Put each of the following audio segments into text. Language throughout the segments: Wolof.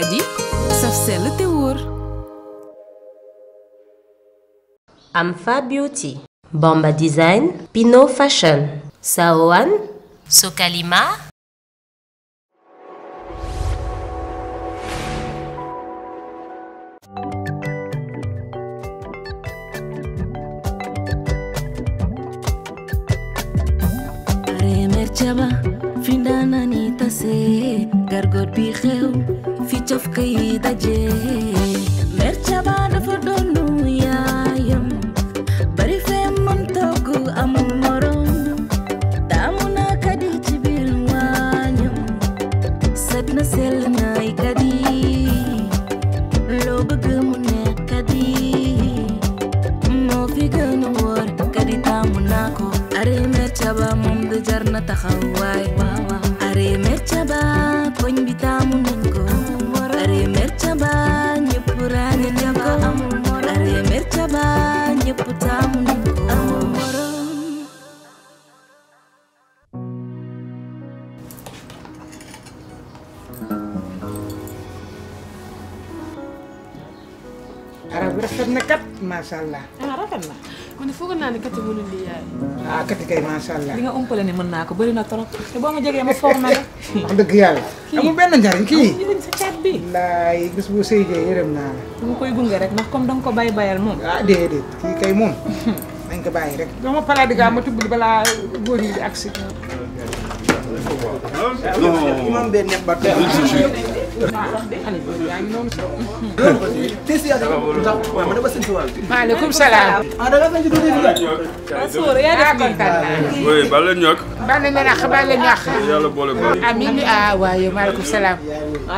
Кади Amfa Beauty, Bomba Design, Pinot Fashion, Saoan, Sokalima, fi ndaanaan yi tase gargoot bi xew fi cofka yi daje mer caba dafa doonu yaayam bari fee mën togg amul morom daamu kadi ci biir set na kadi loo bëgg mu ne kadi moo fi gën a wóor kadi taamu naa ko are mer taxaw waay arabirakatnakat maasaallah masalah. mu ne foogoon naa ne kati mënul di ah kati kay maasaallah li nga umpale ne mën naa ko bëri na trop te boo ma jegee ma formé la bi laay gis busi sëyjee yërëm naa la dama koy gunge rek ndax comme danga ah deh deh. kay moom dañ ko bàyyi rek dama palaa di gaa ma tubbli balaa imam maaleykum salaam. ah da nga fay si de. salaam.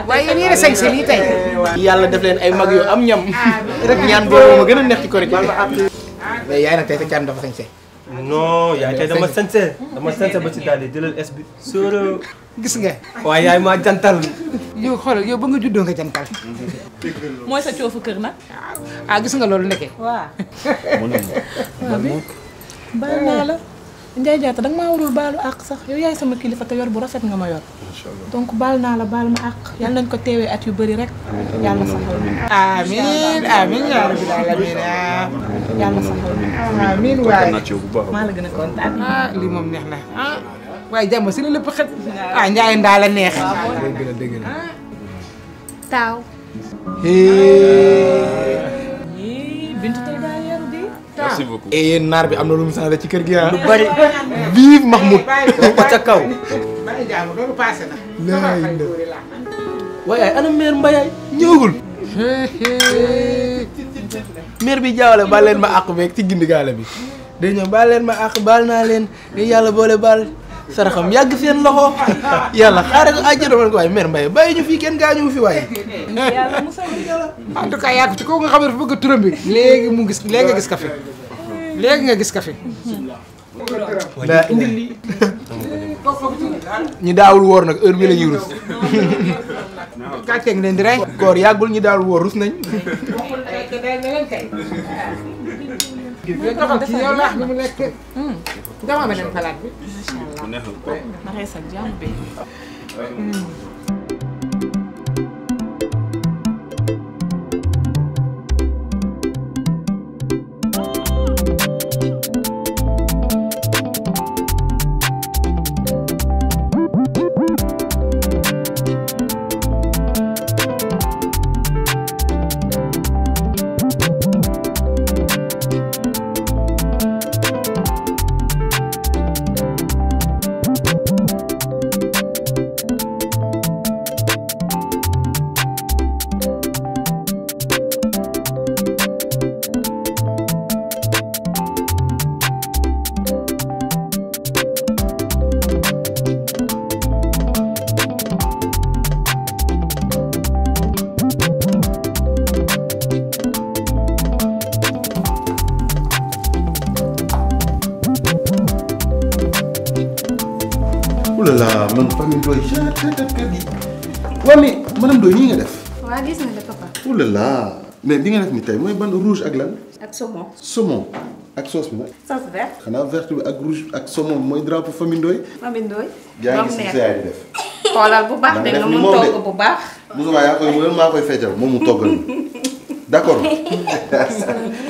waaye yéen yéen a sañ tey. yàlla def leen ay mag yu am ñam. rek ñaan boobu ma a neex ci korite. mais yaay nag tey sa dafa sañ non ya ada dama sañse dama hmm. sañse ba ci daal di jëlal es bi sóoro gis nga waaye oh, yaay maa jantal yow xoolal yow ba nga juddoo nga jantal mooy sa coofu kër nag ah gis nga loolu nekkee waaw man moom Mana? Ndiaye Diatta danga maa warul baalu àq sax yow yaay sama kilifa te yor bu rafet nga ma yor. donc baal naa la baal ma àq. yàlla nañ ko teewee at yu bëri rek. yàlla saxal amiin amiin yaa rabbil waaye maa la gën a kontaan. ah lii moom neex na ah, waaye jàmm si la lépp xet. ah Ndiaye ndaa la neex. Ah, dégg na dégg ah. merci beaucoup et eh, yéen bi am lu mu ci kër gi lu bari vive Mahmoud. ko ca kaw. bàyyi jaamu loolu passé na. laay la waaye ay ana mère mère bi ma àq beeg ci gindi gaale bi. ma àq baal naa leen ni yàlla boole baal. saraxam yag seen loxo yalla xaaral ko àjjana man ko way mer mbay bàyyi ñu fi ken gañu fi waaye. yàlla yalla en tout cas yag ci ko nga xam bëgg turam bi léegi mu gis léegi gis ka fi léegi nga gis café la indil daawul woor nag heure bi la ñuy rus kàcceeg leen koor yàggul ñu daawul woor rus nañ dafa ci hmm. palaat bi man famille Ndoye genre kër gi. waaw mais madame Ndoye nii nga def. waaw gis nga de papa. oulala mais bi nga def ni tey mooy ban rouge ak lan. ak saumon. saumon ak sauce bi nag. sauce verte. xanaa ak rouge ak saumon mooy drapeau famille Ndoye. famille Ndoye. yaa ngi gis yaay di def. xoolal bu baax de nga mun togg bu baax. Moussa yaa koy wala maa koy feccal moom mu toggal d' accord.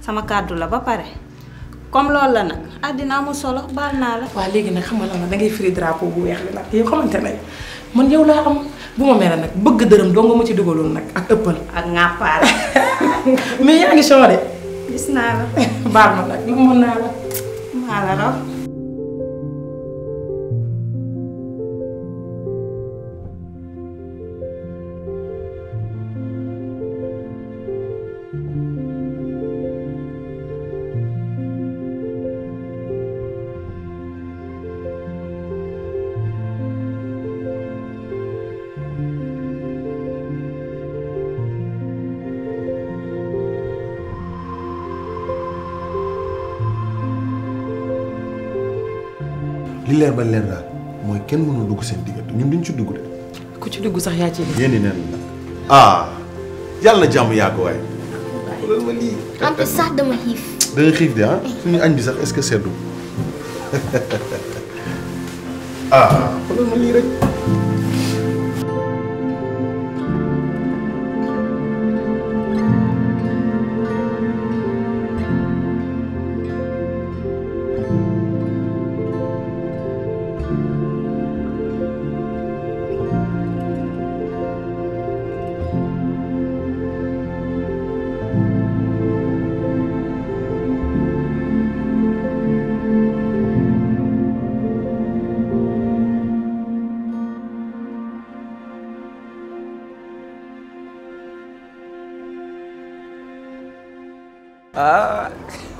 sama kàddu la ba pare comme loolu la nag àddina amul solo baal naa la. waaw léegi nag xam na lan la dangay firi drapeau bu weex bi nag yow xamante ne man yow laa am bu ma mere nag bëgg dërëm doo nga ma ci dugaloon nag ak ëppal. ak ŋàppaale. mais yaa ngi soo de. gis naa la. baal ma nag mën naa la. maa la raw. li leer ba leer daal mooy kenn mënul dugg seen diggante ñun duñ ci dugg de. ku ci dugg sax yaa ci def. yéen i la ah yàlla na jàmm yaa ko waay. loolu ma xiif. da xiif de ah suñu añ bi sax est-ce que seddu ah. loolu ma lii rek.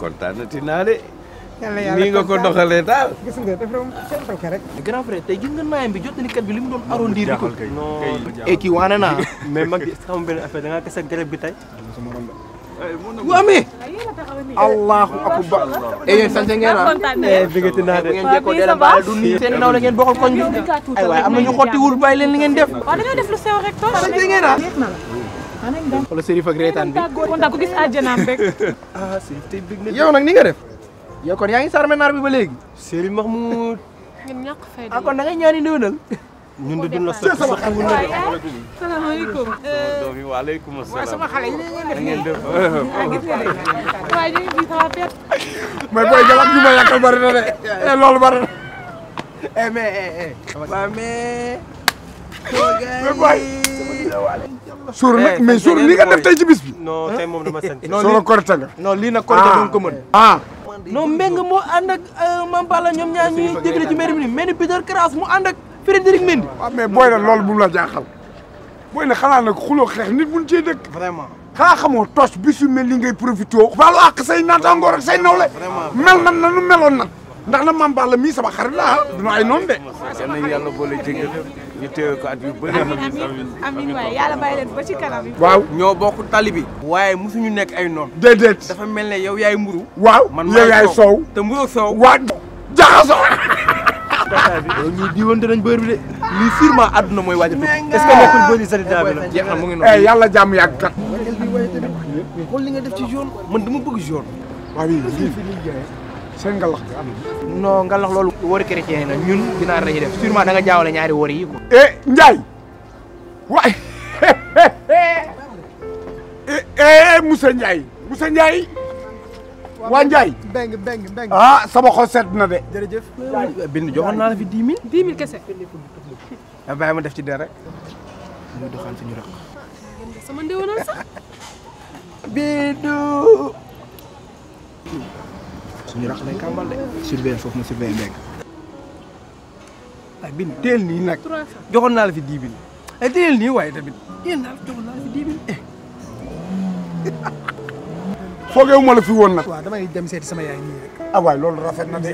kontane tinale dinaa ko doxale daal. gis nga def rom sen taw rek. grand frère tay gis nga naayam bi kat bi lim doon arrondir ko. e ki wana na mais mag gi sama ben affaire da nga kessa garab bi tey. wa amee. allahu akbar. e yeen sante ngeen na e bigati na de. bu ngeen ko dela baal du ni sen naw la ngeen bokkal koñ bi. ay waay am na xoti wul bay leen li ngeen def. wa da nga def lu sew rek to sante ngeen na kalau dang wala serif ak reetaan bi kon ko gis aljana am ah serif tey big na yow nak ni nga def yow kon yaa ngi sarme naar bi ba léegi serif mahmoud ñun ñak fay ah kon da ngay ñaani newnal ñun de la sa sama xamul na salam alaykum doomi wa alaykum assalam sama xalé yi ngeen def way ñu bi sama pet mais boy jalam ñu ma yakal bari na de loolu bari eh mais eh, eh eh wa me. suur nag eh, mais suur li nga def tey ci bis bi. non tey moom dama sant. non lii korite nga. non lii nag korite ah. duñ ko mën. ah. non Meng moo ànd ak euh, Mame Balla ñoom ñaar ñuy déglu ci mbir mi mel ni Peter Crass mu ànd ak Frédéric Mendy. waaw ah, mais booy na loolu bu mu la jaaxal. booy na xanaa nag xuloo xeex nit buñ cee dëkk. vraiment xanaa xamoo tos bisu mel ni ngay profité. baalu àq say naataangoor ak say nawle. mel nan nanu meloon nan. ndax na Mame Balla mii sama xarit la ah. dina ay noonu yàlla boole jéggal. ñu téye ko at yu bëri. amiin amiin amiin waaye yàlla bàyyi leen ba ci kanam. waaw ñoo bokk tali bi. waaye musuñu nekk ay noon déedéet dafa mel ne yow yaay mburu waaw man yow yaay soow te mburu soow. waa jaxasoo. loolu ñuy diwante nañ bër bi de lii sûrement àdduna mooy waaj a est ce que nekkul bëri sanitaire bi la jeex na mu ngi noonu. Eh, li nga def ci seen galax bi am non galax loolu wori chrétien na ñun dina ray def sûrement da nga jaawale ñaari wori yi quoi eh njaay way eh eh, eh musa njaay musa njaay wa njaay beng beng beng ah sama xol set na de jërëjëf bind joxon na la fi 10000 10000 kesse da bàyyi ma def ci dara ñu doxal suñu rek sama ndewonal sax bidu suñu rax lay kambal de surveiller foofu ma surveiller mbéeg ay bin tel ni nak. joxoon naa la fi diibin ay teel ni waaye tamit teel naa la joxoon naa la fi diibin eh fogeewu ma la fi woon nag waaw damay dem seeti sama yaay nii rek ah waay loolu rafet na de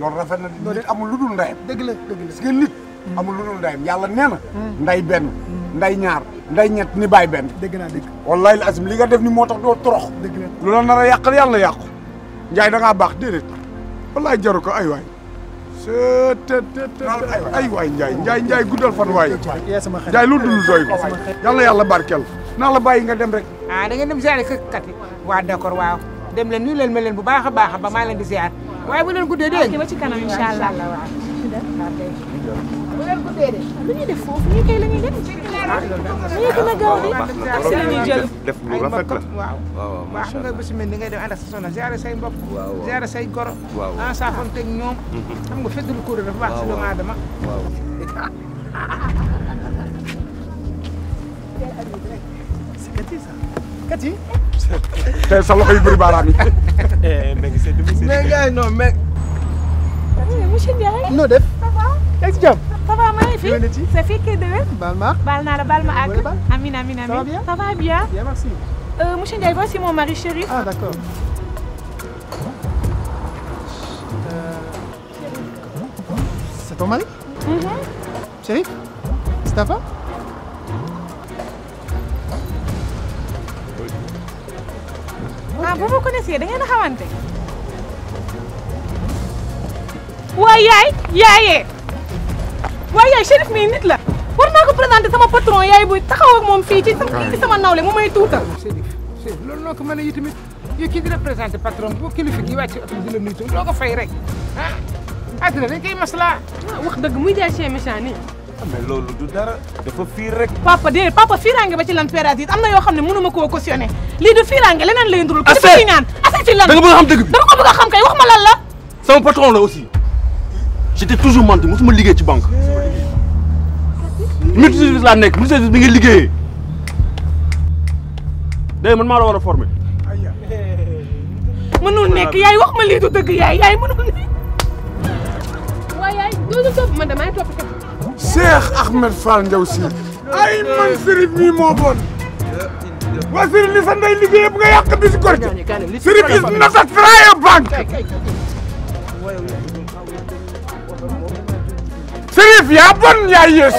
loolu rafet na de nit amul lu dul ndayam la dëgg la parce nit amul lu dul ndayam yàlla hmm. nday benn nday ñaar nday ni bàyyi ben dëgg naa dëgg wallahi la asim li nga def ni moo tax doo torox dëgg la lu njay da nga bax déedéet wallahi jaru ko ay way se te te ay way njay njay njay guddal fan way njay lu dul doy ko yalla yàlla barkeel naa la bayyi nga dem rek ah da nga dem ziare kat yi waaw d'accord waaw dem len nuy len melen bu baakha baakha ba ma len di ziar way bu leen guddee dégg ba ci kanam inshallah waaw bu len guddé de lu ñuy def fofu ñu kay la ñuy def ñu gën a gaaw di si la ñuy jël def lu rafet la waaw waaw xam nga bési mel ni ngay dem ànd ak sa soxna ziare say mbokk ziare say goro en saafonte ak ñoom mhm. xam nga fedd lu kóor dafa baax si doomu aadama kati tey sa loxo yu bëri baaraam yi eh, mais ngi sedd mais gars non mais monsieur Ndiaye noo def yaa ngi si jàmm va maa C'est fi sa Balma. kii qui balna, ça va bien bien. merci. Euh, monsieur Ndiaye mon mari chéri. ah d'accord. Euh, c'est ton mari mm-hmm. Chéri c'est ta femme ah vous connaissez Vous Ouais, waaye yaay Chérif nit la war naa ko présenté sama patron yaay buy taxaw ak moom fii ci sama nawle mu may tuutal. Chérif Chérif loolu noo ko a yi tamit yow kii di représenté patron la nuyu fay rek ah àddina dañ koy maslaa. wax dëgg muy jaay chez méchant ah, papa déedéet papa fiiraange ba ci lan pérasse am na yoo xam ne mënu ma koo cautionné lii du fiiraange leneen lay ndurul. ku ci ñaan affaire ci lan. da nga bëgg a xam dëgg bi da nga ko bëgg a xam kay wax ma lan la. sama patron la aussi j'étais toujours menti mosuma liggéey ministre service laa nekk ministre service bi nga liggéeyee man maa la war a former. mënul nekk yaay wax ma Ahmed Fall Ndiaw ay man Serif mii moo bon. waa Serif li sa a bank. Serif yaa bon yaa yées.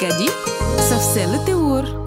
fajkat yi saf sell te wóor